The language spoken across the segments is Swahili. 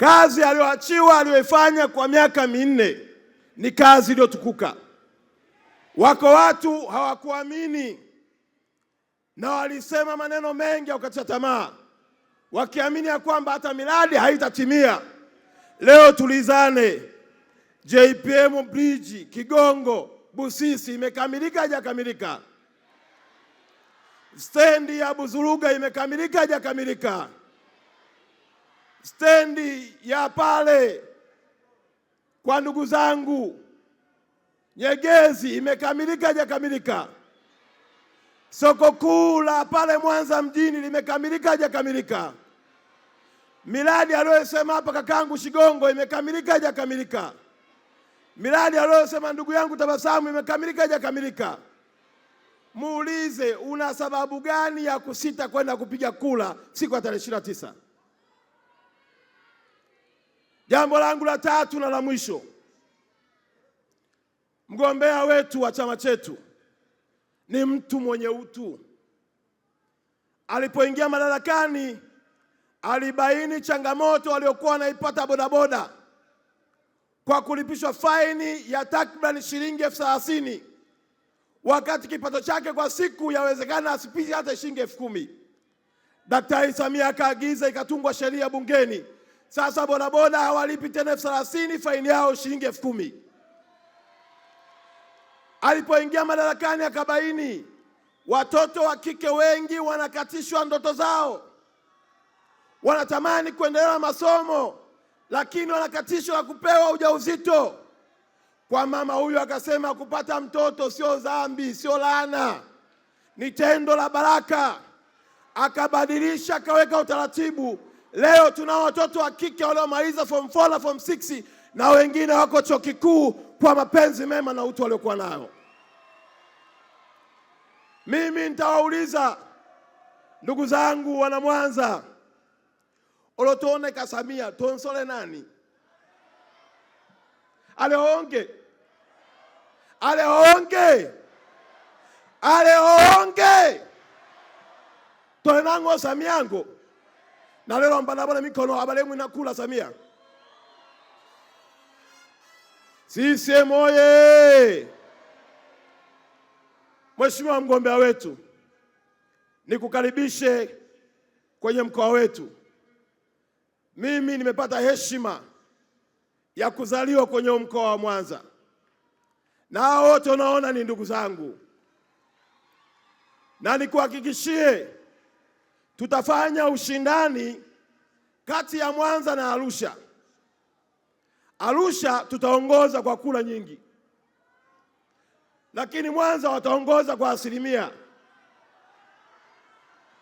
Kazi aliyoachiwa aliyoifanya kwa miaka minne ni kazi iliyotukuka. Wako watu hawakuamini na walisema maneno mengi ya tamaa, wakiamini ya kwamba hata miradi haitatimia. Leo tulizane, JPM Bridge, Kigongo, Busisi imekamilika hajakamilika? Stendi ya Buzuruga imekamilika hajakamilika? stendi ya pale kwa ndugu zangu Nyegezi imekamilika, hajakamilika? Soko kuu la pale Mwanza mjini limekamilika, hajakamilika? Miradi aliyosema hapa kakangu Shigongo imekamilika, hajakamilika? Miradi aliyosema ndugu yangu Tabasamu imekamilika, hajakamilika? Muulize, una sababu gani ya kusita kwenda kupiga kura siku ya tarehe 29? Jambo langu la tatu na la mwisho, mgombea wetu wa chama chetu ni mtu mwenye utu. Alipoingia madarakani, alibaini changamoto aliyokuwa anaipata bodaboda kwa kulipishwa faini ya takriban shilingi elfu thelathini wakati kipato chake kwa siku yawezekana asipiti hata shilingi elfu kumi. Daktari Samia akaagiza ikatungwa sheria bungeni sasa bodaboda hawalipi tena elfu thelathini faini yao shilingi elfu kumi. Alipoingia madarakani akabaini watoto wa kike wengi wanakatishwa ndoto zao, wanatamani kuendelea na masomo lakini wanakatishwa na kupewa ujauzito. Kwa mama huyu akasema, kupata mtoto sio dhambi, sio laana, ni tendo la baraka. Akabadilisha, akaweka utaratibu Leo tuna watoto wa kike waliomaliza form 4 na form 6 na wengine wako chuo kikuu kwa mapenzi mema na utu waliokuwa nayo. Mimi nitawauliza ndugu zangu wana Mwanza, ulotuoneka Samia tonsole nani? Alehonge, ale alehonge tolenango Samiango na lero ambalabala mikono abalemu inakula Samia. CCM oye! Mheshimiwa mgombea wetu, nikukaribishe kwenye mkoa wetu. Mimi nimepata heshima ya kuzaliwa kwenye mkoa wa Mwanza na hao wote unaona ni ndugu zangu, na nikuhakikishie tutafanya ushindani kati ya Mwanza na Arusha. Arusha tutaongoza kwa kura nyingi, lakini Mwanza wataongoza kwa asilimia.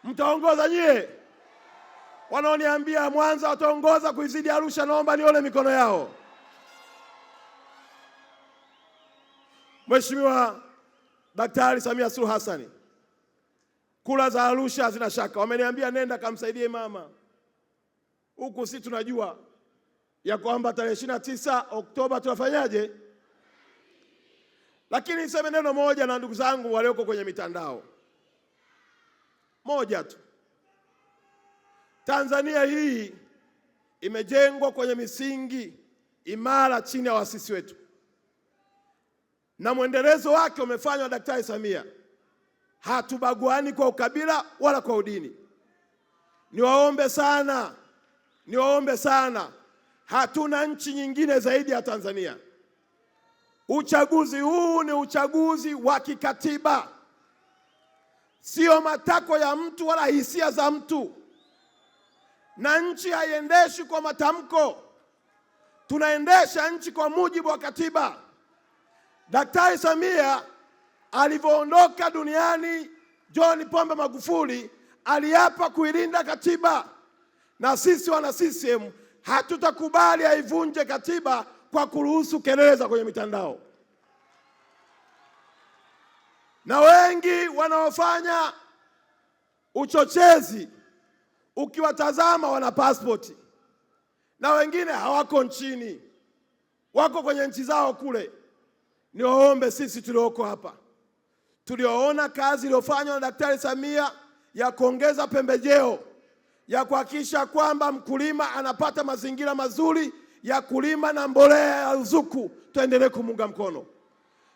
Mtaongoza nyie? Wanaoniambia Mwanza wataongoza kuizidi Arusha, naomba nione mikono yao. Mheshimiwa Daktari Samia Suluhu Hassan Kula za Arusha hazina shaka, wameniambia nenda kamsaidie mama. Huku si tunajua ya kwamba tarehe ishirini na tisa Oktoba tunafanyaje? Lakini niseme neno moja na ndugu zangu walioko kwenye mitandao, moja tu. Tanzania hii imejengwa kwenye misingi imara chini ya waasisi wetu, na mwendelezo wake umefanywa Daktari Samia hatubaguani kwa ukabila wala kwa udini. Niwaombe sana, niwaombe sana, hatuna nchi nyingine zaidi ya Tanzania. Uchaguzi huu ni uchaguzi wa kikatiba, sio matakwa ya mtu wala hisia za mtu, na nchi haiendeshwi kwa matamko. Tunaendesha nchi kwa mujibu wa katiba. Daktari Samia Alivyoondoka duniani John Pombe Magufuli aliapa kuilinda katiba, na sisi wana CCM hatutakubali aivunje katiba kwa kuruhusu kelele za kwenye mitandao, na wengi wanaofanya uchochezi ukiwatazama wana pasipoti na wengine hawako nchini, wako kwenye nchi zao kule. Niwaombe sisi tulioko hapa tulioona kazi iliyofanywa na Daktari Samia ya kuongeza pembejeo ya kuhakikisha kwamba mkulima anapata mazingira mazuri ya kulima na mbolea ya ruzuku, tuendelee kumunga mkono.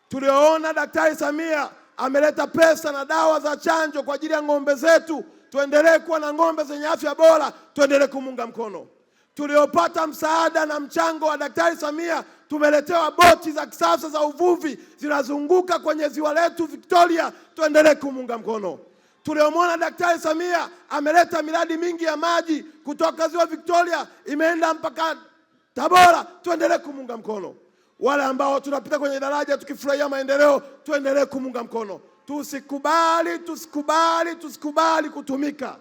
Tulioona Daktari Samia ameleta pesa na dawa za chanjo kwa ajili ya ng'ombe zetu, tuendelee kuwa na ng'ombe zenye afya bora, tuendelee kumuunga mkono tuliopata msaada na mchango wa Daktari Samia tumeletewa boti za kisasa za uvuvi zinazunguka kwenye ziwa letu Victoria. Tuendelee kumuunga mkono. Tuliomwona Daktari Samia ameleta miradi mingi ya maji kutoka ziwa Victoria imeenda mpaka Tabora, tuendelee kumuunga mkono. Wale ambao tunapita kwenye daraja tukifurahia maendeleo, tuendelee kumuunga mkono. Tusikubali, tusikubali, tusikubali kutumika